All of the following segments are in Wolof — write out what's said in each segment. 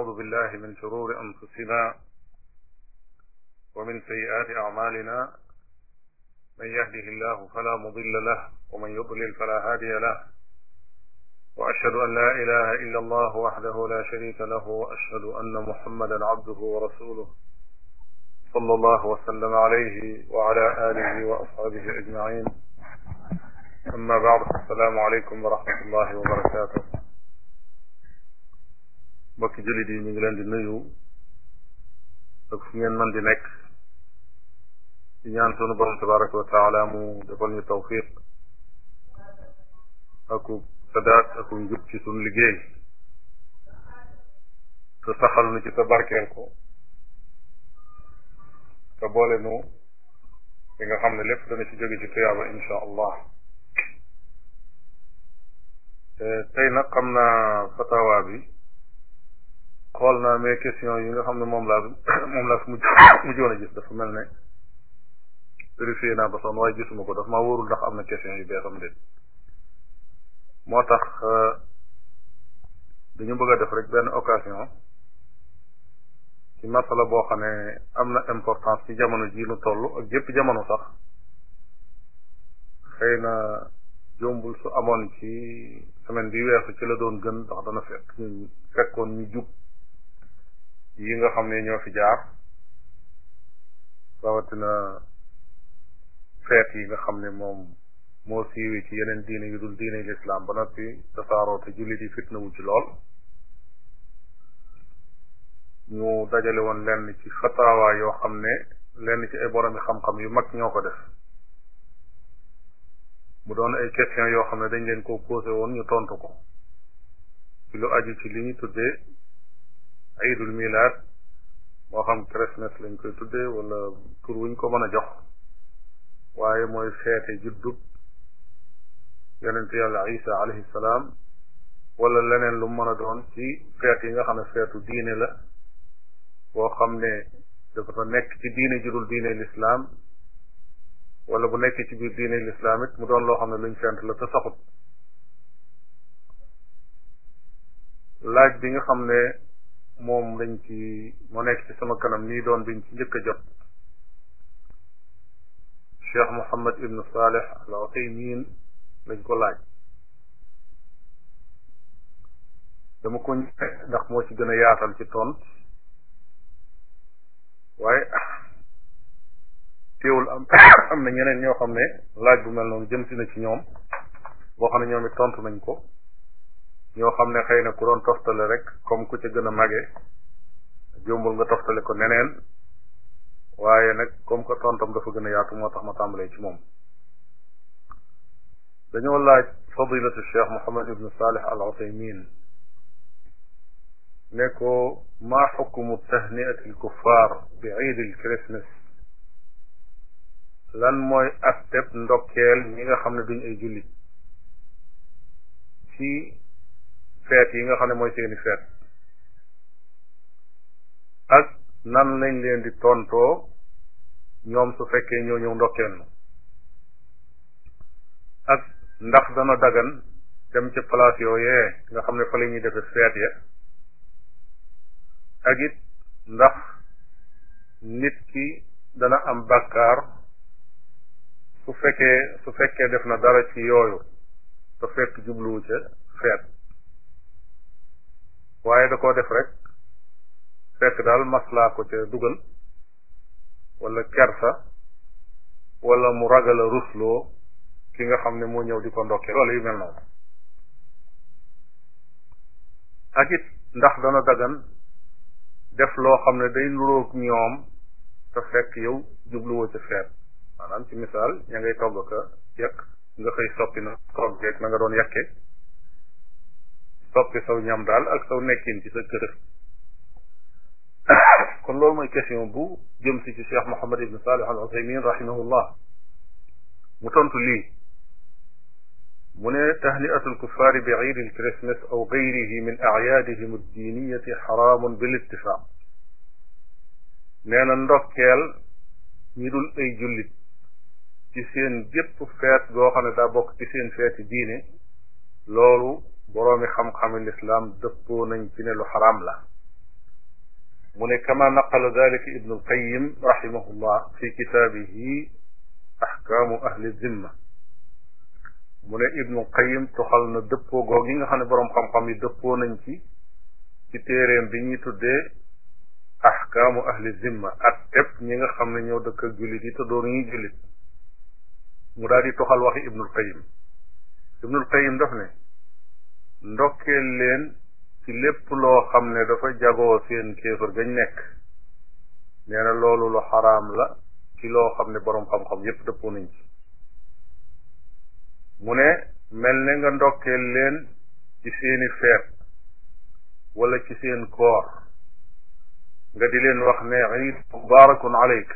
ونعوذ بالله من شرور أنفسنا ومن سيئات أعمالنا من يهده الله فلا مضل له ومن يضلل فلا هادي له وأشهد أن لا إله إلا الله وحده لا شريك له وأشهد أن محمدا عبده ورسوله صلى الله وسلم عليه وعلى آله وأصحابه أجمعين أما بعد السلام عليكم ورحمة الله وبركاته mbokki jullit yi ñu ngi leen di nuyu ak fu ngeen man di nekk di ñaan sunu borom tabaraka wa taala mu defal ñu tawfiq aku sadaat aku njub ci sunu liggéey te saxal nu ci te barkeel ko te boole nu li nga xam ne lépp dana ci jóge ci tuyaaba insha allah eh, tey nag xam na fatawa bi xool naa mais question yi nga xam ne moom laa moom laa fi mu mujjoon a gis dafa mel ne vérifié naa ba sonn waaye gisuma ko dafa maa wóorul ndax am na question yu beesam déet moo tax euh, dañu bëgg def rek benn occasion ci masala boo xam ne am na importante ci jamono jii nu toll ak yëpp jamono sax xëy na jombul su amoon ci semaine bi weesu ci la doon gën ndax dana fekk fekkoon ñu jub yi nga xam ne ñoo fi jaar rawatina feet yi nga xam ne moom moo siiwi ci yeneen diine yu dul diine lislaam ba noppi tasaaroo te jullit yi fitna wu ci lool ñu dajale woon lenn ci fatawaa yoo xam ne lenn ci ay boromi xam-xam yu mag ñoo ko def mu doon ay question yoo xam ne dañ leen ko posé woon ñu tontu ko lu aju ci li ñu tuddee ayidul milaad moo xam Christmas lañ koy tuddee wala tur wuñ ko mën a jox waaye mooy feete juddub yonent yàlla isa alayhi salaam wala leneen lu mën a doon ci feet yi nga xam ne feetu diine la boo xam ne dafa nekk ci diine judul diine lislaam wala bu nekk ci biir diine lislaam it mu doon loo xam ne luñ fent la te saxut laaj bi nga xam ne moom lañ ci mu nekk ci sama kanam nii doon biñ ci njëkk a jot cheikh mohammad ibnu saleh al utaymin lañ ko laaj dama ko ndax moo ci gën a yaatal ci tont waaye teewul am am na ñeneen ñoo xam ne laaj bu mel noonu jëm si na ci ñoom boo xam ne ñoom tontu nañ ko ñoo xam ne xëy na ku doon toftale rek comme ku ca gën a mage jombul nga toftale ko neneen waaye nag comme que tontam dafa gën a moo tax ma tàmbalee ci moom dañoo laaj fadilatu cheikh mohamad ibnu salih al kuffar bi iid al christmas lan mooy asteb ndokkeel ñi nga xam ne duñ ay jullit ci feet yi nga xam ne mooy seeni feet ak nan lañ leen di tontoo ñoom su fekkee ñoo ñëw ndokkeen ak ndax dana dagan dem ci place yooyee nga xam ne fa la ñuy defe feet ya ak it ndax nit ki dana am bàkkaar su fekkee su fekkee def na dara ci yooyu te fekk jubluwu ca feet waaye da koo def rek fekk daal maslaa ko ca dugal wala kersa wala mu ragal a rusloo ki nga xam ne moo ñëw di ko ndokkee wala yu mel na ak it ndax dana dagan def loo xam ne day nuroog ñoom te fekk yow jubluwoo ca feet maanaam ci misaal ña ngay togg ka yekk nga xëy soppi na toggeeg na nga doon yekke toppi saw ñam daal ak saw nekkin ci sa kon loolu mooy question bu jëm si ci cheikh mohamad ibn salih al usaymin rahimahullah mu tontu lii mu ne tahliatu alkuffari bi iid alchristmas aw gayrihi min ayaadihim addiniyati xaraamun bil ittifaq nee na ndokkeel ñi dul ay jullit ci seen gépp feet goo xam ne daa bokk ci seen feeti diine loolu boroomi xam-xami lislaam dëppoo nañ ci ne lu xaraam la mu ne kama naqala dalika ibnu alqayim rahimahullah fi kitaabihi ahkaamu ahli zimma mu ne ibnu qayim toxal na dëppoo goog yi nga xam ne boroom xam-xam yi dëppoo nañ ci ci téeréem bi ñuy tuddee ahkaamu ahli zimma ak tepp ñi nga xam ne dëkk ak jullit yi te doon ñuy jullit mu daal di waxi ibnu alqayim ibnu alqayim daf ndokkeel leen ci lépp loo xam ne dafa jagoo seen kéefër gañ nekk nee na loolu lu xaraam la ci loo xam ne boroom xam-xam yépp dëppoo nañ mu ne mel ne nga ndokkeel leen ci seeni feet wala ci seen koor nga di leen wax ne iid aleyk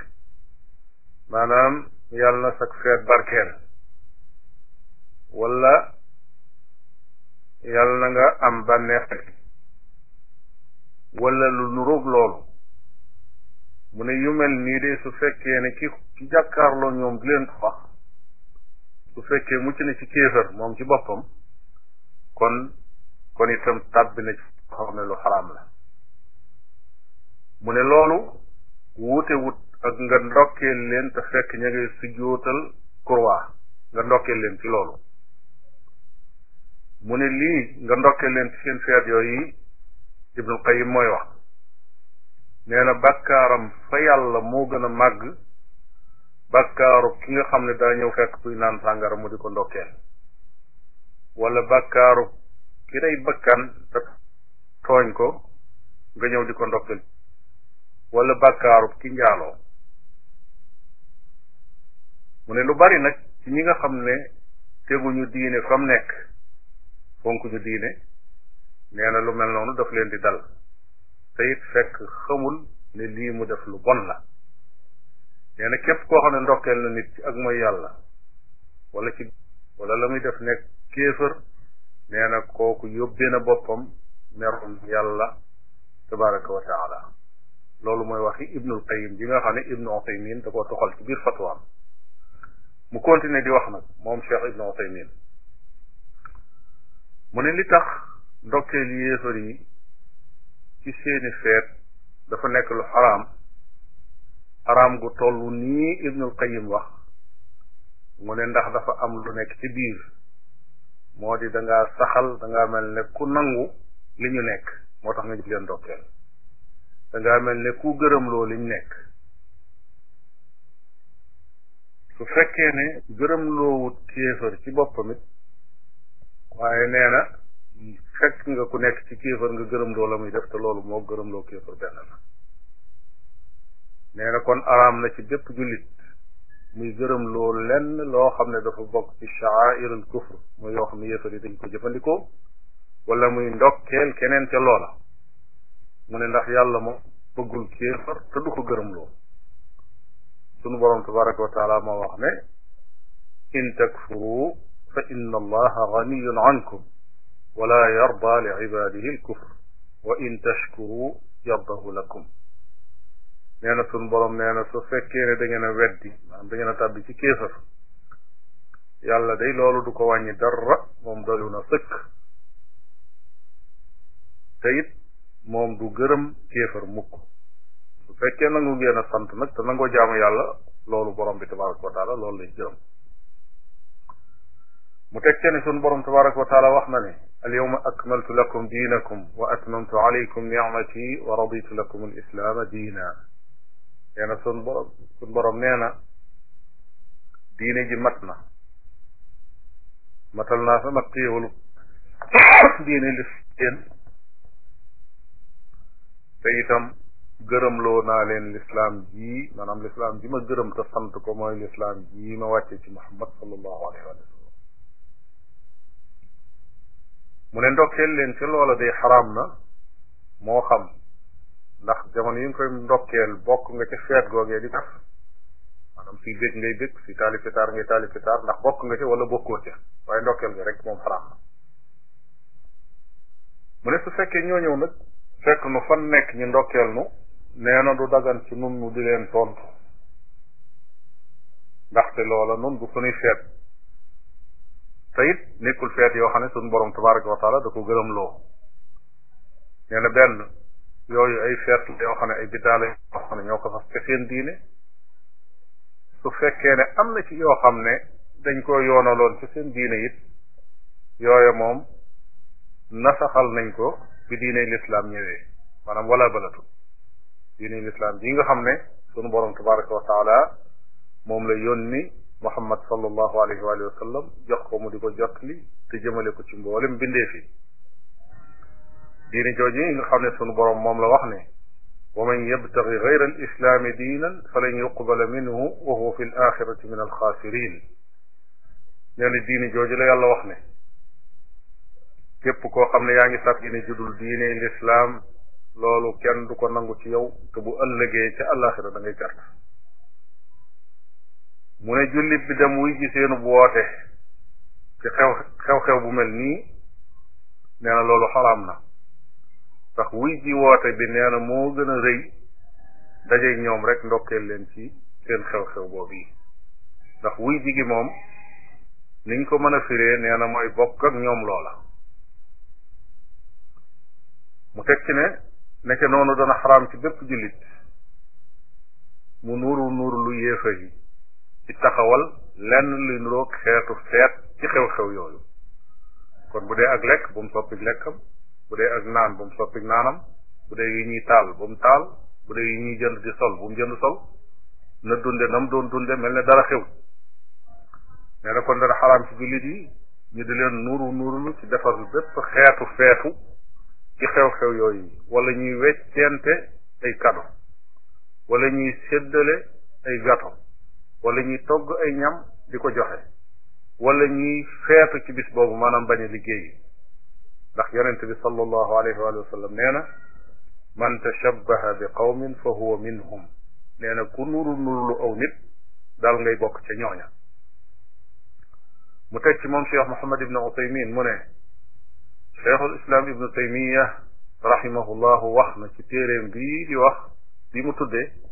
maanaam yàlla na sag feet barkeel wala yàlla na nga am bànneex wala lu nuroog loolu mu ne yu mel nii de su fekkee ne ki ki jàkkaarloo ñoom di leen wax su fekkee mucc na ci kéefër moom ci boppam kon kon itam tàbbi ci xam lu xaraam la mu ne loolu wuute wut ak nga ndokkeel leen te fekk ña ngay sujjootal croix nga ndokkeel leen ci loolu mu ne lii nga ndokkee leen ci seen feet yooyu Ibnul Qayyim mooy wax nee na bàkkaaram fa yàlla moo gën a màgg bàkkaaru ki nga xam ne daa ñëw fekk kuy naan sàngara mu di ko ndokkeel walla bàkkaaru ki day bëkkan tooñ ko nga ñëw di ko ndokkeel walla bàkkaaru ki njaaloo mu ne lu bari nag ci ñi nga xam ne teguñu diine fam nekk fonk ñu diine nee na lu mel noonu daf leen di dal te fekk xamul ne lii mu def lu bon la nee na képp koo xam ne ndokkeel na nit ak mooy yàlla wala ci wala la muy def nekk kéefër nee na kooku yóbbee na boppam merum yàlla tabaraka wa taala loolu mooy wax i ibnul qayim bi nga xam ne ibnu usaymin da ko toxal ci biir fatwaam mu continuer di wax nag moom cheikh ibnu usaymin mu ne li tax ndokkeel yéefar yi ci seeni feet dafa nekk lu xaraam xaraam gu toll nii Ibnul Qayyim wax mu ne ndax dafa am lu nekk ci biir moo di dangaa saxal dangaa mel ne ku nangu li ñu nekk moo tax nga jib leen ndokkeel dangaa mel ne ku gërëmloo loo li ñu nekk su fekkee ne gërëm loowut kéefër ci boppam waaye nee na fekk nga ku nekk ci kéefar nga gërëm loo la muy def te loolu moo gërëm loo kéefar benn la nee na kon araam na ci bépp jullit muy gërëm loo lenn loo xam ne dafa bokk ci sha'airul kufr mooy yoo xam ne yi dañ ko jëfandikoo walla muy ndokkeel keneen ca loola mu ne ndax yàlla moom bëggul kéefar te ko gërëm loo sunu borom tabaraka wa moo wax ne in takfuru فإن الله غني عنكم ولا يرضى لعباده الكفر وإن تشكروا يرضه لكم nee na sunu borom nee na su fekkee ne da ngeen a weddi maanaam da ngeen a tàbbi ci kéefar yàlla day loolu du ko wàññi dara moom dalu na sëkk te moom du gërëm kéefar mukk su fekkee nangu ngeen a sant nag te nangoo jaamu yàlla loolu borom bi tabaraka wa loolu lay gërëm mu teg te ne sunu borom tabaraka wa taala wax na ne alyawma akmaltu lakum diinakum wa atmamtu alaykum nicmati wa raditu lakum alislaama diina nee na sunu borom sunu borom nee na diine ji mat na matal naa sama xéewalu diine liseen te itam gërëmloo naa leen lislaam ji maanaam lislaam ji ma gërëm te sant ko mooy lislaam ji ma wàcce ci muhammad sallallahu alayhi wa sallam mu ne ndokkeel leen ci loola day xaraam na moo xam ndax jamono yi nga koy ndokkeel bokk nga ca feet googee di def maanaam si bég ngay bég si taalifitaar ngay taalifitaar ndax bokk nga ca wala bokkoo ca waaye ndokkeel ga rek moom xaraam na mu ne su fekkee ñoo ñëw nag fekk nu fan nekk ñu ndokkeel nu nee na du dagan ci nun nu di leen tontu ndaxte loola nun du sunuy feet te it nekkul feet yoo xam ne suñu borom tabaraka wa da ko gërëm loo nee benn yooyu ay feet yoo xam ne ay biddaala yoo xam ne ñoo ko sax ci seen diine su fekkee ne am na ci yoo xam ne dañ ko yoonaloon ci seen diine it yooye moom nasaxal nañ ko bi diine lislaam ñëwee maanaam wala balatu diine lislaam ji nga xam ne sunu borom tabaraka wa taala moom la yónni muhammad sallallahu alayhi wa sallam jox ko mu di ko jottali te jëmale ko ci mboolem bindee yi xam ne sunu borom moom la wax ne wa man yabtaxi gayra al islaami diinan falan yuqbala minhu wa huwa fi l min alxaasirin nee na diine jooju la yàlla wax ne képp koo xam ne yaa ngi sàkk ne judul diine lislaam loolu kenn du ko nangu ci yow te bu ëllëgee ca àllaaxira mu ne jullit bi dem wuy ci seenu woote ci xew xew-xew bu mel nii nee loolu xaraam na ndax wuy ji woote bi nee na moo gën a rëy dajeeg ñoom rek ndokkeel leen ci seen xew-xew boobu yi ndax wuy ji gi moom niñ ko mën a firee nee na mooy bokk ak ñoom loola mu teg ci ne nekk noonu dana xaraam ci bépp jullit mu nuuru nuuru lu yéefar yi ci taxawal lenn luy nurook xeetu seet ci xew-xew yooyu kon bu dee ak lekk bu mu soppig lekkam bu dee ak naan bu mu soppig naanam bu dee yi ñuy taal bu mu taal bu dee yi ñuy jënd di sol bu mu jënd sol na dunde na mu doon dunde mel ne dara xew nee na kon dara xaraam ci jullit yi ñu di leen nuuru nuurulu ci defar bépp xeetu feetu ci xew-xew yooyu wala ñuy weccente ay kado wala ñuy séddale ay gato wala ñuy togg ay ñam di ko joxe wala ñuy feetu ci boobu maanaam bañ a liggéey ndax yonent bi sallallahu alayhi wa sallam nee na man tashabbaha bi qawmin fa huwa minhum nee na ku nuru nurulu aw daal ngay bokk ca ñooña mu teg ci moom cheikh mohamad ibne utaymin mu ne cheikhul islam ibnu taymiya rahimahullahu wax na ci téeréem bii di wax bi mu tuddee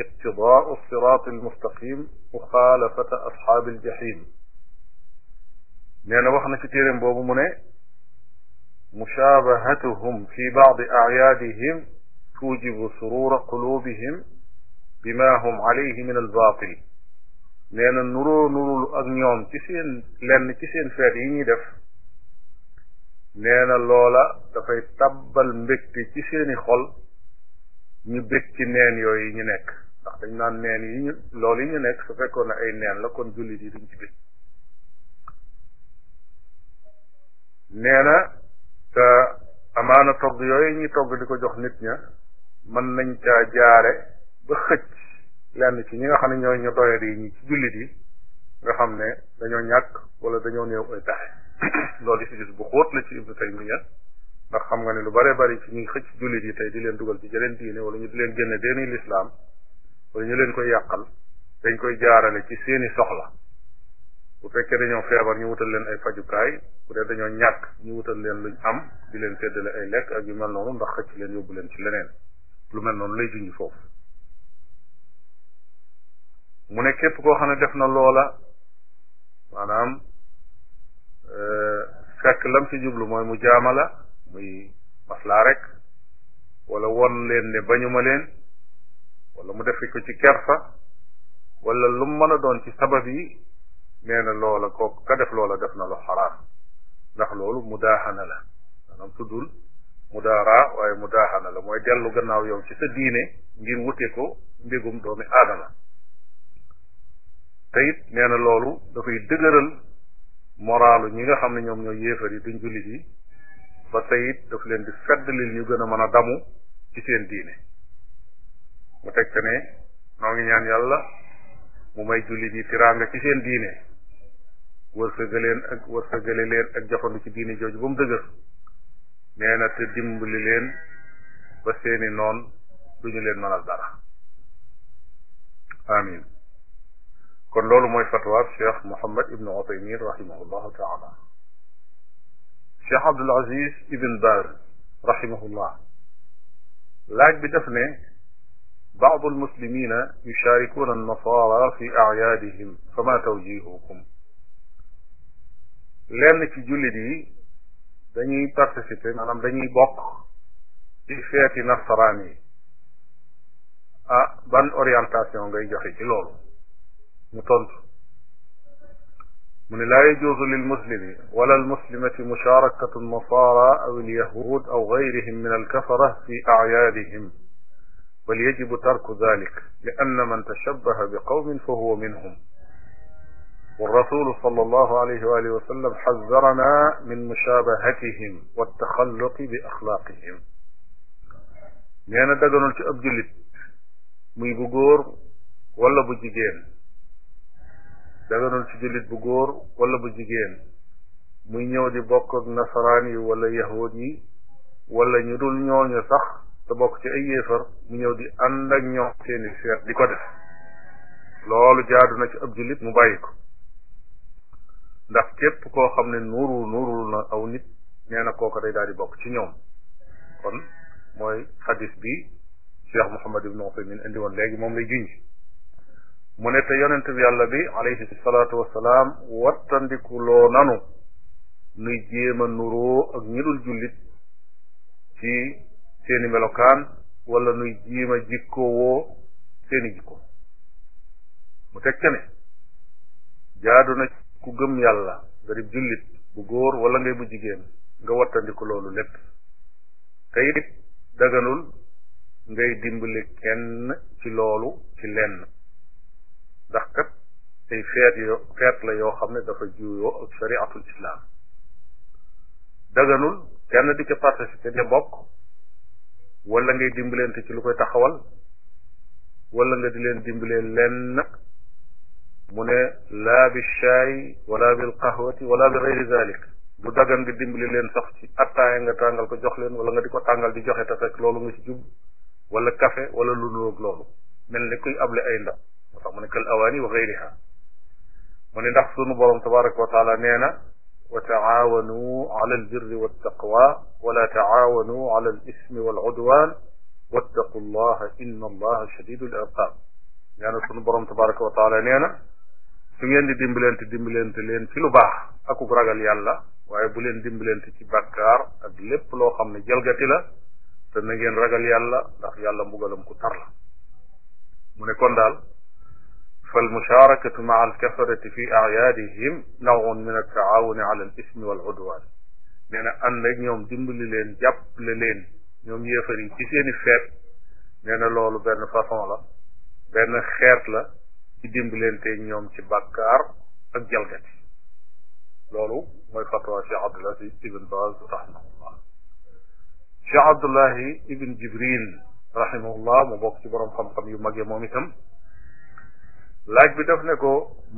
iqtidaau siraat almustaqim muxaalafata asxaabi aljahim nee na wax na ci téeréem boobu mu ne mushaabahatuhum fi a acyaadihim tuujibu surura quluubihim bima hum alayhi min albaatil nee na nuroo nurulu ak ñoom ci seen lenn ci seen feet yi ñuy def nee na loola dafay tabbal mbégte ci seeni xol ñu bég ci neen yooyu ñu nekk ndax dañ naan neen yi ñu loolu yi ñu nekk su fekkoon ne ay neen la kon jullit yi duñ ci bég nee na te amaana togg yooyu ñuy togg di ko jox nit ña mën nañ caa jaare ba xëcc lenn ci ñi nga xam ne ñooy ñu doyadi ñi ci jullit yi nga xam ne dañoo ñàkk wala dañoo néew ay pexe loolu ci gis bu xóot la ci Ibnu Taymiya ndax xam nga ne lu bare bari ci ñuy xëcc jullit yi tey di leen dugal ci jëleen diine wala ñu di leen génne deeni lislaam wala ñu leen koy yàqal dañ koy jaarale ci seeni soxla bu fekkee dañoo feebar ñu wutal leen ay fajukaay bu dee dañoo ñàkk ñu wutal leen luñ am di leen séddale ay lekk ak yu mel noonu ndax xëcc leen yóbbu leen ci leneen lu mel noonu lay junj foofu mu ne képp koo xam ne def na loola maanaam euh, fekk lam ci jublu mooy mu jaamala muy maslaa rek wala won leen ne bañu ma leen wala mu defe ko ci kersa wala lu mën a doon ci sabab yi nee na loola kooku ka def loola def na lu xaraam ndax loolu mudaaxana la maanaam tuddul mudaaraa waaye mudaaxana la mooy dellu gannaaw yow ci sa diine ngir wute ko mbégum doomi aadama te it nee na loolu dafay dëgëral moraalu ñi nga xam ne ñoom ñoo yéefar yi duñ jullit yi ba tey daf leen di feddlil ñu gën a mën a damu ci seen diine mu teg noo ngi ñaan yàlla mu may jullit yi tiraanga ci seen diine wërsëgaleen ak leen ak jafandu ci diine jooju ba mu dëgër nee na te leen ba seeni noon duñu leen mënal dara amin kon loolu mooy fatwa Cheikh Mohammed ibnu Utaymin rahimahullahu taala Cheikh Abdul Aziz Ibn Baz rahimahullah laaj bi def ne baadu almuslimina yusharikuuna annasara fi acyaadihim fama tawjihukum lenn ci jullit yi dañuy participer maanaam dañuy bokk ci feeti nasaraan yi ah ban orientation ngay joxe ci loolu mu tontu mu ne laa yajuuzu lil muslimi wala al muslimati musharakatu nasara aw al yahud aw gayrihim min al kafara fi acyaadihim bal yajibu tarku dalik li anna man tashabbaha bi qawmin fa huwa minhum والرسول صلى الله عليه وآله وسلم حذرنا من مشابهتهم والتخلق بأخلاقهم nee na daganul ci ab jullit muy bu góor wala bu jigéen daganul ci jullit bu góor wala bu jigéen mu ñëw di bokk ak nasaraan yi wala yahud yi wala ñu dul ñooñu sax te bokk ci ay yéefar mu ñëw di ànd ak ñoom seeni seet di ko def loolu jaadu na ci ab jullit mu bàyyi ko ndax képp koo xam ne nuuru nuuru na aw nit nee kooko day daal di bokk ci ñoom kon mooy xadis bi cheikh Mouhamad ibn Uthaymeen indi woon moom lay junj mu ne te yonent bi yàlla bi alayhi salaatu wassalaam wattandikuloo nanu nuy jéem nuroo ak ñi dul jullit ci seeni melokaan walla nuy jéem a jikkoowoo seeni jikko mu teg ca jaadu na ku gëm yàlla nga di jullit bu góor wala ngay bu jigéen nga wattandiku loolu lépp te daganul ngay dimbali kenn ci loolu ci lenn ndax kat ay feet yo feet la yoo xam ne dafa juuyoo ak shariatul islam daganul kenn di ca participer di bokk wala ngay dimbalante ci lu koy taxawal wala nga di leen dimb dimbalee lenn mu ne laa bi shaay wala bil qahwati wala bi gayri zalik du dagan nga dimbali leen sax ci attaaya nga tàngal ko jox leen wala nga di ko tàngal di joxe te fekk loolu nga ci jub wala café wala lu nuroog loolu mel ni kuy able ay ndax moo tax mu ne kal awaani wa gayriha mu ne ndax sunu borom tabaraka wa taala nee na wa taawanu ala albirri waltaqwa wala taawanu ala alismi waludwan wattaqu llaha inna allaha shadidu liqab nee na sunu borom tabaraka wa taala nee na su ngeen di dimbalante dimbalante leen ci lu baax akuk ragal yàlla waaye bu leen dimbalante ci bàkkaar ak lépp loo xam ne jalgati la te na ngeen ragal yàlla ndax yàlla mbugalam ku tar la mu ne kon daal فالمشاركة مع الكفرة في أعيادهم نوع من التعاون على الإثم والعدوان nee na ànd ak ñoom dimbali leen jàppale leen ñoom yéefar yi ci seeni feet nee na loolu benn façon la benn xeet la ci dimbalante ñoom ci bàkkaar ak jalgati loolu mooy fatwa Cheikh Abdul Aziz Ibn Baz rahimahullah Cheikh Abdullahi Ibn Jibrin rahimahullah mu bokk ci borom xam-xam yu mag yi moom itam laaj bi def ne ko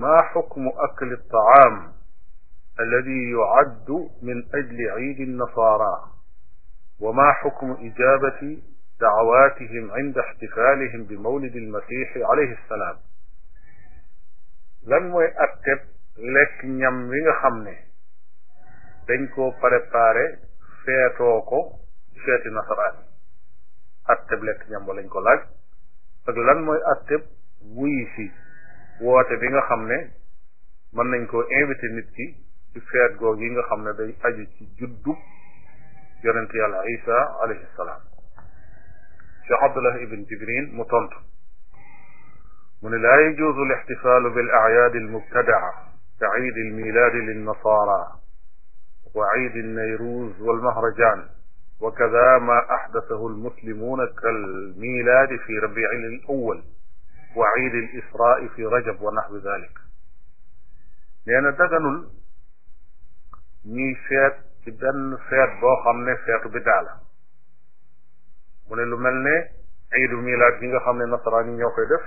maa xukmu akli taam alladi yucaddu min ajli ciidi nasaara wa maa xukmu ijaabati dacwaatihim cinda ixtifaalihim bi mawlidi almasiixi alayhi salaam lan mooy atteb lekk ñam wi nga xam ne dañ koo préparé feetoo ko feeti nasaraan atteb lekk ñam ba lañ ko laaj ak lan mooy atteb woote bi nga xam ne mën nañ koo invité nit ki ci feet goog yi nga xam ne day aju ci juddu yonent yàlla isa alayhi salaam cheikh abdullah ibn jibrin mu tontu mu ne laa yajuuzu al ixtifaalu bil acyaadi al mubtadaa ka ciid al milaadi lin nasaara wa ciid al nayruuz wal mahrajaan wa kadaa maa axdasahu al muslimuuna kal milaadi fi rabiicil awwal wa iid al israa fi rajab wa naxwi dalik nee na daganul ñuy feet ci benn feet boo xam ne feetu biddaa la mu ne lu mel ne iidu milaad yi nga xam ne nasaraan yi ñoo koy def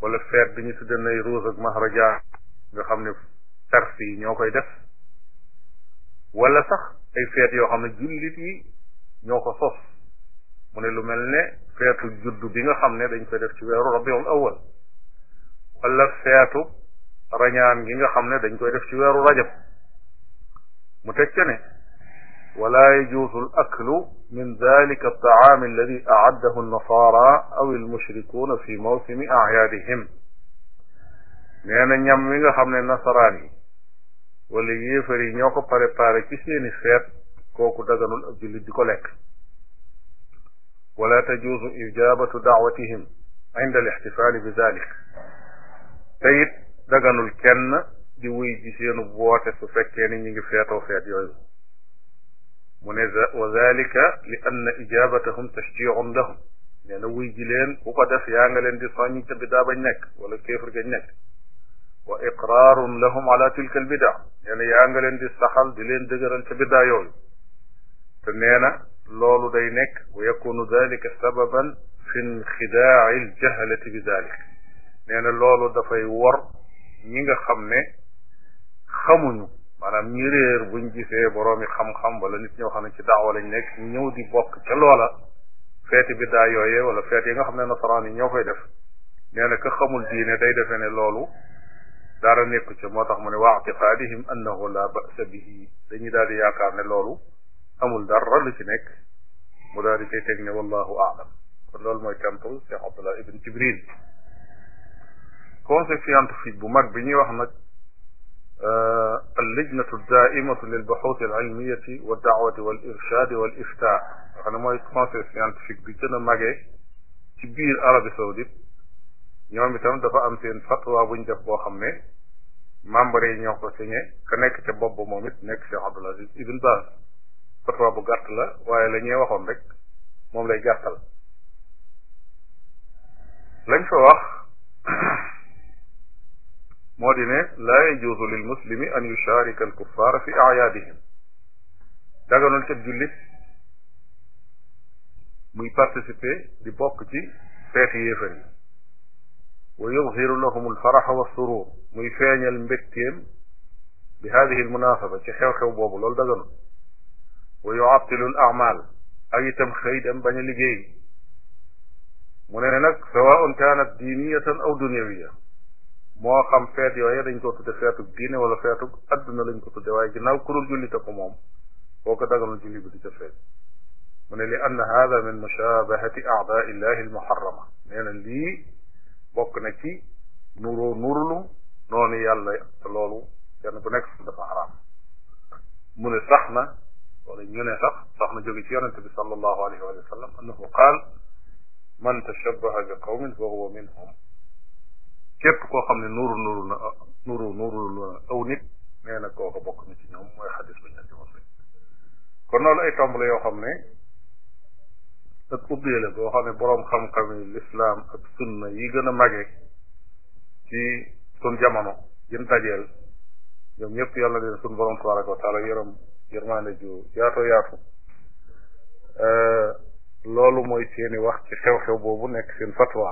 wala feet bi ñu tudde Nayruuz ak Mahraja nga xam ne perse yi ñoo koy def wala sax ay feet yoo xam ne jullit yi ñoo ko sos mu ne lu mel ne feetu juddu bi nga xam ne dañ koy def ci weeru rabiul awal wala feetu rañaan gi nga xam ne dañ koy def ci weeru rajab mu teg ca ne walaa yajuusu al aklu min dalika altaam alladi aaddahu alnasaara aw almushrikuuna fi mawsimi acyaadihim nee na ñam wi nga xam ne nasaraan yi wala yéefar yi ñoo ko préparé ci seeni feet kooku daganul ab jullit di ko lekk wala tajuuzu ijabatu daawatihim inda al ixtifaali bi dalik te it daganul kenn di wuy ji seenu woote su fekkee ni ñu ngi feetoo feet yooyu mu ne wa dalika li anna ijabatahum tashjiicun lahum nee na wuy ji leen ku ko def yaa nga leen di soññ ca bidaa bañ nekk wala kéefar gañ nekk wa iqraarun lahum ala tilka al bidaa nee na yaa nga leen di saxal di leen dëgëral ca bidaa yooyu te nee na loolu day nekk wa yakunu dalika sababan fi nxidaai aljahalati bi dalik nee na loolu dafay wor ñi nga xam ne xamuñu maanaam ñi réer buñ gisee boroomi xam-xam wala nit ñoo xam ne ci daawa lañ nekk ñëw di bokk ca loola feeti bi daa yooyee wala feet yi nga xam ne nasaraan yi ñoo koy def nee na ka xamul diine day defee ne loolu dara nekku ca moo tax mu ne wa atiqaadihim annahu la ba'sa bihi dañuy daal di yaakaar ne loolu amul dara lu ci nekk mu daal di koy teg ne wallahu aalam loolu mooy tontu Cheikh Abdullah ibn Jibril conseil scientifique bu mag bi ñuy wax nag euh, al-lajnatu daaimatu lil buxuuti al ilmiyati wa daawati wal irshadi wal mooy conseil scientifique bi a magee ci biir Arabie Saoudite ñoom itam dafa am seen fatwa bu ñu def boo xam ne membre yi ñoo ko signé ka nekk ca bopp moom nekk Cheikh Abdul Aziz Ibn Baz fatwa bu gàtt la waaye la ñuy waxoon rek moom lay gàttal lañ fa wax moo di ne laa yajuuzu lil muslimi an yusharika al kuffara fi ayaadihim daganul cëb jullit muy participer di bokk ci feeti yéefar yi wa yudhiru lahum al faraxa wa surur muy feeñal mbégteem bi haadihi al munasaba ci xew-xew boobu loolu daganul wa yuattilul amal ay itam xëy dem bañ liggéey mu ne nag sawaun kaanat diiniyatan aw dunyawiya moo xam feet yooye dañ ko tudde feetug diine wala feetug adduna lañ ko tudde waaye ginnaaw kurul julli ta ko moom koo ko daganul julli bi di ca feet mu ne li ann hada min mushabahati aadai illahi almuharrama nee bokk na ci nuroo nurlu noonu loolu kenn ku nekk dafa xaraam mu ne sax na wala ñu ne sax sax na jóge ci yonente bi sallallahu alayhi wa sallam annahu qaal man tashabbaha bi qawmin fa huwa minhum képp koo xam ne nuuru nuuru na nuuru nuuru na aw nit nee na kooka bokk na ci ñoom mooy xadis bu ñu andi woon kon loolu ay tomb la yoo xam ne ak ubbee la boo xam ne boroom xam-xam yi lislaam ak sunna yi gën a màggee ci sun jamono jën dajeel ñoom ñëpp yàlla leen sun borom tabaraka wa taala yërëm yërmaande ju yaatoo yaatu euh, loolu mooy seeni wax ci xew-xew boobu nekk seen fatwa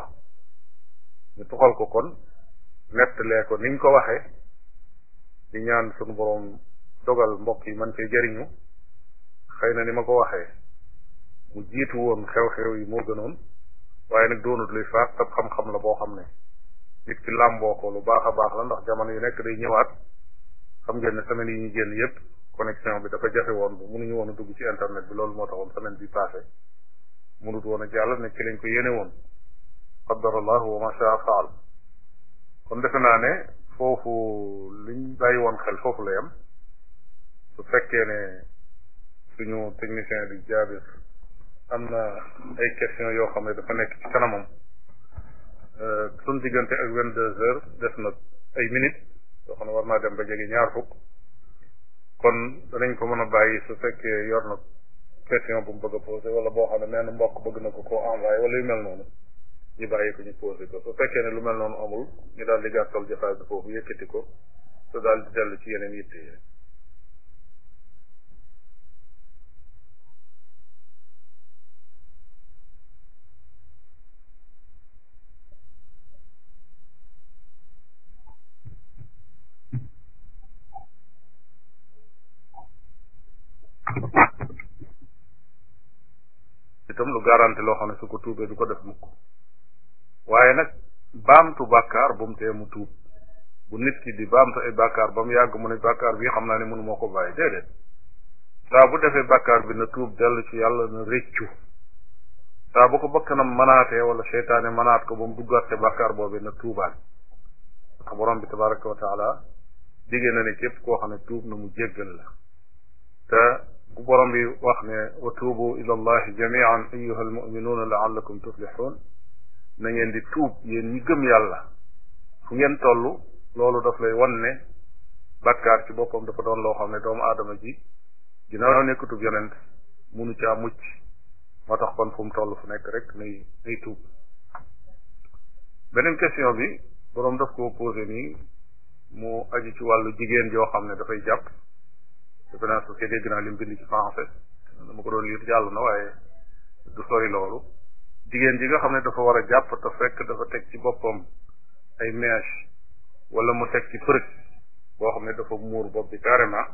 ñu tuxal ko kon nettalee ko niñ ko waxee di ñaan suñu boroom dogal mbokk yi man cee jariñu xëy na ni ma ko waxee mu jiitu woon xew-xew yi moo gënoon waaye nag doonut luy faat tab xam-xam la boo xam ne nit ki làmboo ko lu baax a baax la ndax jamono yu nekk day ñëwaat xam ngeen ne semaine yi ñu génn yépp connexion bi dafa jafe woon bu mënuñu woon a dugg ci internet bi loolu moo taxoon semaine bi passé mënut woon a jàll ne ci lañ ko yéene woon qaddarallahu wa ma shaa faal kon defe naa ne foofu liñ bàyyi woon xel foofu la yam su fekkee ne suñu technicien bi jaabir am na ay question yoo xam ne dafa nekk ci kanamam euh, suñ diggante ak vingt deux heures des na ay minutes yoo xam ne war naa dem ba jege ñaar fukk kon danañ ko mën a bàyyi su fekkee yor na question bu mu bëgg a wala boo xam ne nee na mbokk bëgg na ko koo envoyé wala yu mel noonu ñu bàyyi ko ñu posé ko su fekkee ne lu mel noonu amul ñu daal di gàttal jotaay bi foofu yëkkati ko te daal di dellu ci yeneen yitte yi itam lu garanti loo xam ne su ko tuubee du ko def mukk waaye nag baamtu bàkkaar bu mu tee mu tuub bu nit ki di baamtu ay bàkkaar ba mu yàgg mu ne bàkkaar bii xam naa ne mënu moo ko bàyyi déedéet saa bu defee bàkkaar bi na tuub dellu ci yàlla na rëccu saa bu ko bakkanam manaatee wala seytaane manaat ko ba mu duggaat te bàkkaar boobee na tuubaan ndax borom bi tabaraka wa na ne képp koo xam ne tuub na mu jéggal la te ku borom bi wax ne wa tuubu ila allahi jamian ayuha almuminuuna laallakum tuflixuun na ngeen di tuub yéen ñi gëm yàlla fu ngeen toll loolu daf lay wan ne bàkkaar ci boppam dafa doon loo xam ne doomu adama ji dina ginnaaw nekkatub yonent munu caa mucc moo tax kon fu mu toll fu nekk rek nay nay tuub beneen question bi boroom daf koo posé nii mu aju ci wàllu jigéen joo xam ne dafay jàpp defe naa su fekkee dégg naa li mu bind ci français dama ko doon liir jàll na waaye du sori loolu jigéen ji nga xam ne dafa war a jàpp te fekk dafa teg ci boppam ay mèche wala mu teg ci përëg boo xam ne dafa muur bopp bi carrément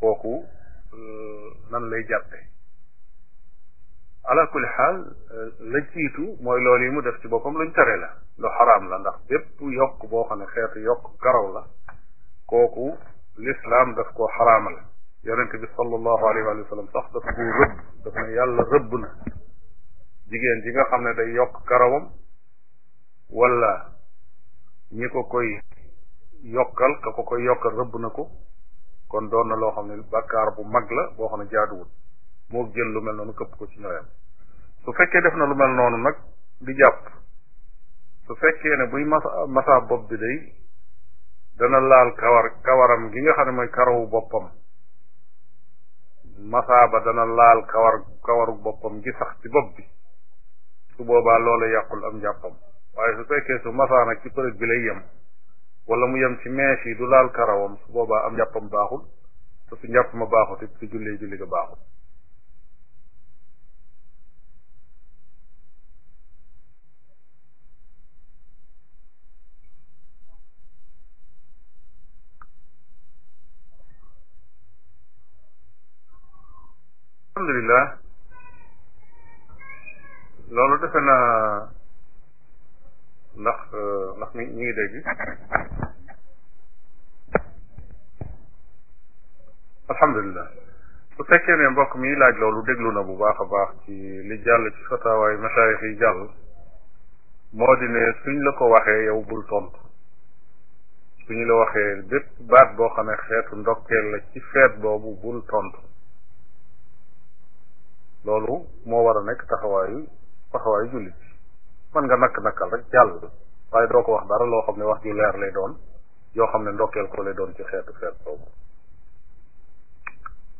kooku euh, nan lay jàppe ala kulli xaal euh, la jiitu mooy loolu yi mu def ci boppam luñ tere la lu xaraam la ndax bépp yokk boo xam ne xeetu yokk karaw la kooku l'islam daf koo xaraamal yonente bi sax daf koo rëbb daf ne yàlla rëbb na jigéen ji nga xam ne day yokk karawam wala ñi ko koy yokkal ko koy yokkal rëbb na ko kon doon na loo xam ne bàkkaar bu mag la boo xam ne jaaduwul moo jël lu mel noonu këpp ko ci ñooyam su fekkee def na lu mel noonu nag di jàpp su fekkee ne buy masa masaa bopp bi day dana laal kawar kawaram gi nga xam ne mooy karawu boppam masaa ba dana laal kawar kawaru boppam gi sax ci bopp bi su boobaa loola yàqul am njàppam waaye su fekkee su masaa nag ci përëg bi lay yem wala mu yem ci mees yi du laal karawam su boobaa am njàppam baaxul te su njàpp ma baaxut it su julli ga baaxul billah loolu defe naa ndax ndax mi mi ngi dégg alhamdulilah su fekkee ne mbokk mi laaj loolu déglu na bu baax a baax ci li jàll ci fatawaayu masaayix yi jàll moo di ne suñ la ko waxee yow bul tontu suñu la waxee bépp baat boo xamee xeetu ndokkeel la ci feet boobu bul tontu loolu moo war a nekk taxawaayu taxawaayu jullit bi mën nga nakk-nakkal rek jàll waaye doo ko wax dara loo xam ne wax ju leer lay doon yoo xam ne ndokkeel ko lay doon ci xeetu xeet boobu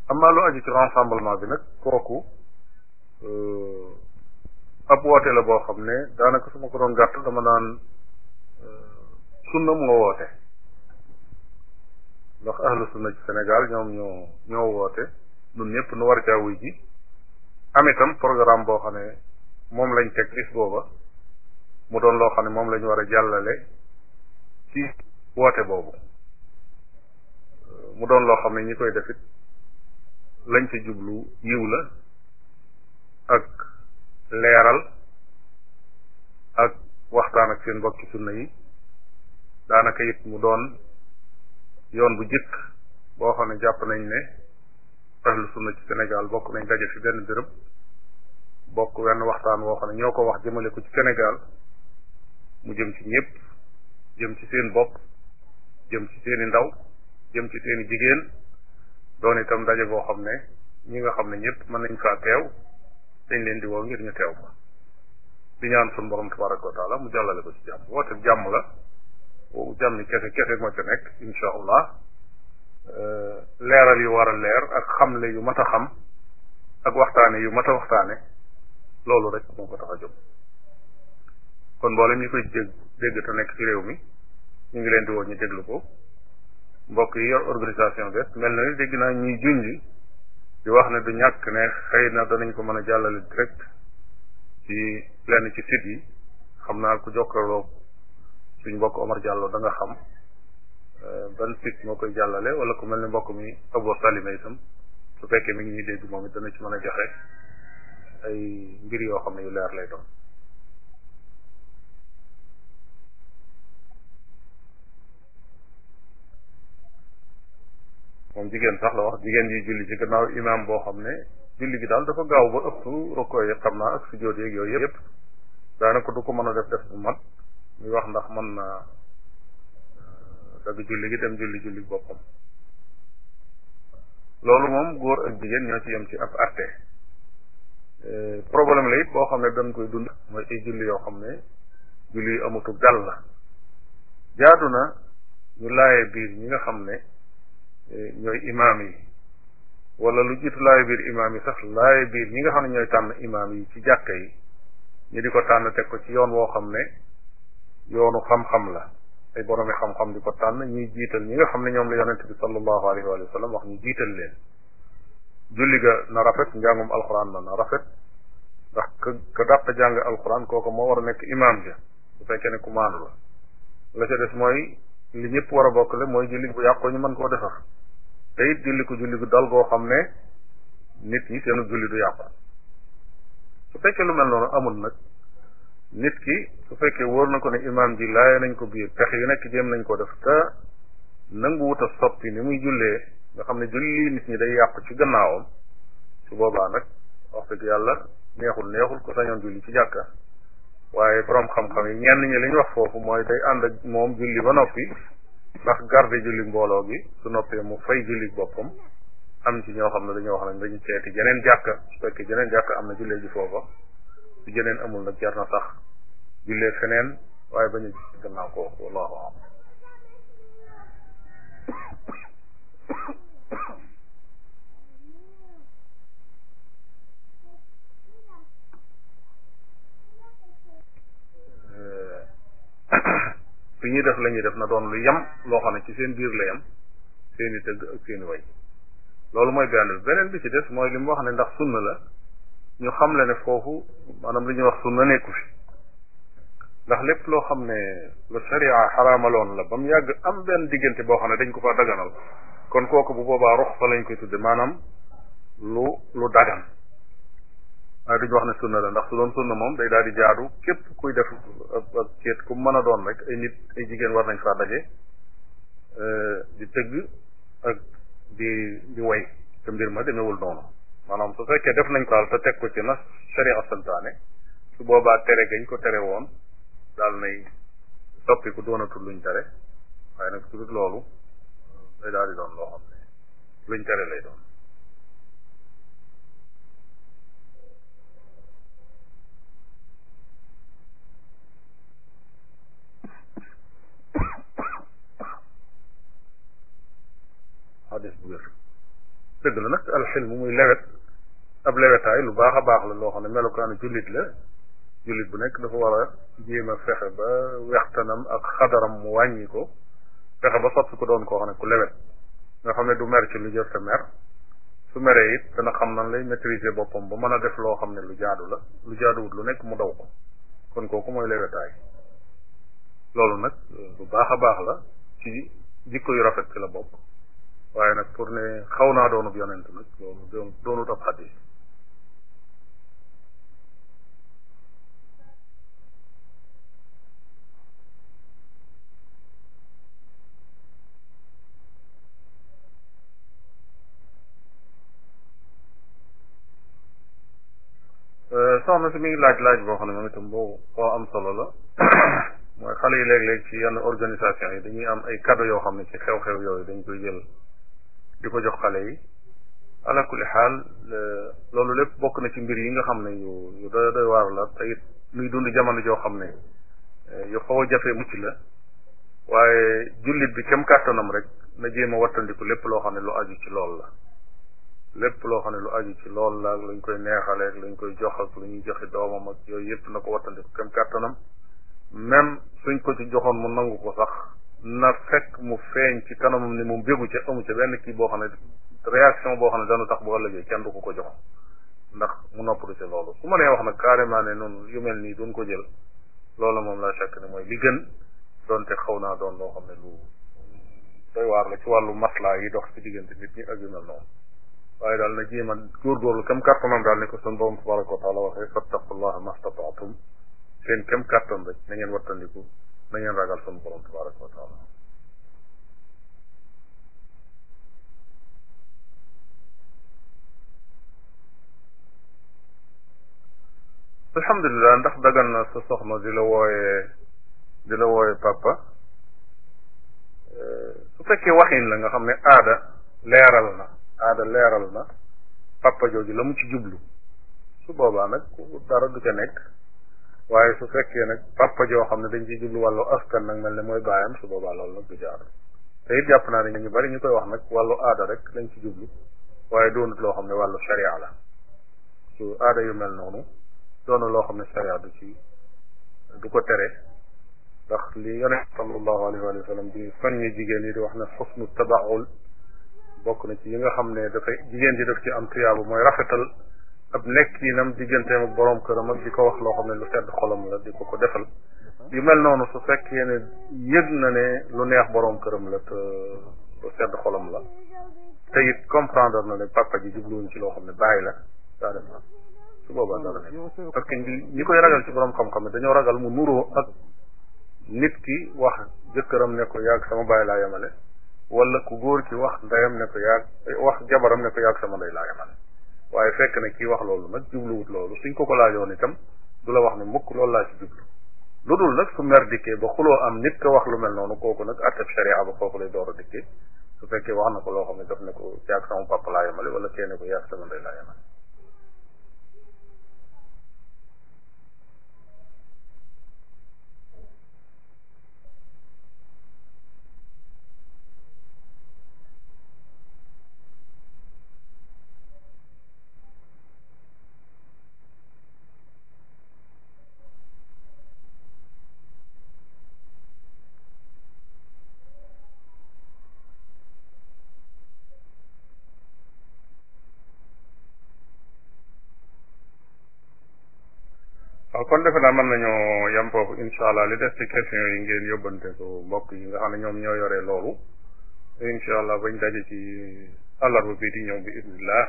amaa bi nag kooku euh, ab woote la boo xam ne daanaka su ma ko doon gàtt dama naan euh, sunna moo woote ndax ahlu sunna ci senegal ñoom ñoo woote ñun ñëpp nu war caa wuy ji am itam programme boo xam ne moom lañ teg bis booba mu doon loo xam ne moom la war a jàllale ci woote boobu mu doon loo xam ne ñi koy defit lañ ci jublu yiw la ak leeral ak waxtaan ak seen mbokki sunna yi daanaka it mu doon yoon bu jëkk boo xam ne jàpp nañ ne ahlu sunna ci Sénégal bokk nañ daje fi benn béréb bokk wenn waxtaan woo xam ne ñoo ko wax jëmale ko ci Sénégal mu jëm ci ñëpp jëm ci seen bokk jëm ci seeni ndaw jëm ci seen jigéen doon itam daje boo xam ne ñi nga xam ne ñëpp mën nañ faa teew dañ leen di woo ngir ñu teew ko di ñaan suñu borom tabaraka wa mu jàllale ko ci jàmm woote jàmm la woowu jàmm ni kese kese moo ca nekk incha allah Euh, leeral yu war a leer ak xam xamle yu mat a xam ak waxtaane yu mat a waxtaane loolu rek moo ko tax a jóg kon mboolem ñi koy dégg dégg nekk ci réew mi ñu ngi leen di woon ñu déglu ko mbokk yi yor organisation bes mel na ni dégg naa ñuy junj di wax ne du ñàkk ne xëy na danañ ko mën a jàllale direct ci lenn ci site yi xam naa ku jokkaloo suñ mbokk Omar Diallo da xam Euh, ban site moo koy jàllale wala ku mel ni mbokk mi Abo Salima itam su fekkee mi ngi dégg moom it dana ci mën a joxe ay mbir yoo xam ne yu leer lay doon. moom jigéen sax la wax jigéen ji julli ci gannaaw imaam boo xam ne julli gi daal dafa gaaw ba ëpp roko yi xam naa ak sujjóot yeeg yooyu yëpp daanaka du ko mën a def def bu mat muy wax ndax man na dagg julli gi dem julli julli boppam loolu moom góor ak jigéen ñoo ci yem ci ab atte euh, problème la it boo xam ne dañ koy dund mooy ay julli yoo xam ne julli yu amatu gàll la jaadu na ñu laaye biir ñi nga xam ne euh, ñooy imaam yi wala lu jiitu laaye biir imaam yi sax laaye biir ñi nga xam ne ñooy tànn imaam yi ci jàkka yi ñu di ko tànn teg ko ci yoon woo xam ne yoonu xam-xam la ay boroomi xam-xam di ko tànn ñuy jiital ñi nga xam ne ñoom la yonente bi sallallahu alayhi wa sallam wax ñu jiital leen julli ga na rafet njàngum alquran ma na rafet ndax ka ka dàq jàng alquran kooku moo war a nekk imaam ja bu fekkee ne ku maandu la la ca des mooy li ñëpp war a bokk le mooy julli bu yàqoo ñu mën koo defar tey it julli ko julli gu dal goo xam ne nit ñi seenu julli du yàqu su fekkee lu mel noonu amul nag nit ki su fekkee wóor na ko ne imaam ji laaya nañ ko biir pexe yu nekk jéem nañ ko def te nanguwut a soppi ni muy jullee nga xam ne julli nit ñi day yàqu ci gannaawam su boobaa nag wax dëgg yàlla neexul neexul ko sañoon julli ci jàkka waaye borom xam-xam yi ñenn ñi li wax foofu mooy day ànd ak moom julli ba noppi ndax garde julli mbooloo gi su noppee mu fay julli boppam am ci ñoo xam ne dañoo wax nañ dañu seeti jeneen jàkka su fekkee jeneen jàkka am na jullee ji foofa su amul nag jar na sax jullee feneen waaye bañu gis gannaaw ko wallahu alam fi ñuy def la ñuy def na doon lu yem loo xam ne ci seen biir la yem seen i tëgg ak seen i way loolu mooy benn beneen bi ci des mooy li mu wax ne ndax sunna la ñu xam la ne foofu maanaam lu ñuy wax sunna nekku fi ndax lépp loo xam ne lu sharia xaraamaloon la ba mu yàgg am benn diggante boo xam ne dañ ko fa daganal kon kooku bu boobaa ruxsa lañ koy tudde maanaam lu lu dagan waaye duñu wax ne sunna la ndax su doon sunna moom day daal di jaadu képp kuy def ak kéet ku mën a doon rek ay nit ay jigéen war nañ faa daje euh, di tëgg ak di di woy te mbir ma demewul noonu maanaam su fekkee def nañ ko daal te teg ko ci na sharia santaane su boobaa tere gañ ko tere woon daal nay soppi ku doonatul luñ tere waaye nag su dul loolu day daal di doon loo xam ne luñ tere lay doon xadis bu wér dëgg la nag alxilm muy lewet ab lewetaay lu baax a baax la loo xam ne melokaanu jullit la jullit bu nekk dafa war a jéem a fexe ba wextanam ak xadaram mu wàññi fexe ba soppi ko doon koo xam ne ku lewet nga xam ne du mer ci lu jër te mer su meree it dana xam nan lay maîtriser boppam ba mën a def loo xam ne lu jaadu la lu jaaduwut lu nekk mu daw ko kon kooku mooy lewetaay loolu nag euh, lu baax a baax la ci jikko yu rafet ci la bokk waaye nag pour ne xaw naa doonub yonent nag loolu doonut ab xadis soxna si mi ngi laaj laaj boo xam ne moom itam boobu boo am solo la mooy xale yi léeg-léeg ci yenn organisation yi dañuy am ay cadeau yoo xam ne ci xew-xew yooyu dañ koy jël di ko jox xale yi ala kulli xaal euh, loolu lépp bokk na ci mbir yi nga xam ne yu yu doy doy waar la te muy dund jamono joo xam ne euh, yu xaw jafe mucc la waaye jullit bi kem kàttanam rek na jéem a wattandiku lépp loo xam ne lu aju ci lool la lépp loo xam ne lu aju ci loolu laag luñ koy neexaleeg luñ koy jox ak lu ñuy joxe doomam ak yooyu yëpp na ko wattandiku kenn kàttanam même suñ ko ci joxoon mu nangu ko sax na fekk mu feeñ ci kanamam ni mu bégu ca amu ca benn kii boo xam ne réaction boo xam ne dana tax bu ëllëgee kenn du ko ko jox ndax mu noppalu ca loolu su ma nee wax nag carrément ne noonu yu mel nii duñ ko jël loolu moom laa fekk ne mooy li gën donte xaw naa doon loo xam ne lu doy waar la ci wàllu maslaa yi dox ci diggante nit ñi ak yu mel noonu waaye daal na jéem a góorgóorlu kam kàttanam daal ne ko sun borom tabaraka wa taala waxee fattaqullaha mastataatum seen kam kàttan rek na ngeen wattandiku na ngeen ragal sun borom tabaraka wa taala alhamdulilah ndax dagan na soxna di la wooyee papa su fekkee waxin la nga xam ne aada leeral aada leeral na papa jooju la mu ci jublu su boobaa nag dara du ca nekk waaye su fekkee nag papa joo xam ne dañ ciy jublu wàllu askan nag mel ne mooy baayam su boobaa loolu nag du jaar te it jàpp naa ne ñu bari ñu koy wax nag wàllu aada rek lañ ci jublu waaye doonut loo xam ne wàllu sharia la su aada yu mel noonu doonu loo xam ne sharia du ci du ko tere ndax li yonent sallallahu alayhi wa sallam di soññi jigéen yi di wax ne xusnu tabaul bokk na ci yi nga xam ne dafay jigéen ji daf ci am tuyaabu mooy rafetal ab nekkinam digganteem ak boroom këram ak di ko wax loo xam ne lu sedd xolam la di ko ko defal yu mel noonu su fekkee ne yëg na ne lu neex borom këram la te lu sedd xolam la te it comprendre na ne papa ji jubluwuñ ci loo xam ne bàyyi la daa def na su boobaa dara ne parce que ñi koy ragal ci borom xam-xam dañoo ragal mu nuroo ak nit ki wax jëkkëram ne ko yàgg sama bàyyi laa yemale wala ku góor ki wax ndeyam ne ko yaag wax jabaram ne ko yaag sama ndey laa yemale waaye fekk na kii wax loolu nag jubluwut loolu suñ ko ko laajoon tam du la wax ne mukk loolu laa ci jublu lu dul nag su mer dikkee ba xuloo am nit ko wax lu mel noonu kooku nag atteb sharia ba foofu lay door a dikkee su fekkee wax na ko loo xam ne daf ne ko yaag sama papa laa yemale wala kenn ko yaag sama ndey laa yemale kon defe naa mën nañoo yem foofu allah li des ci question yi ngeen yóbbante ko mbokk yi nga xam ne ñoom ñoo yore loolu incha allah bañ daje ci àllarba bii di ñëw bi idnillah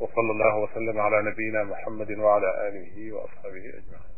wa sallallahu wa sallam ala nabiyina muhammadin wa ala alihi wa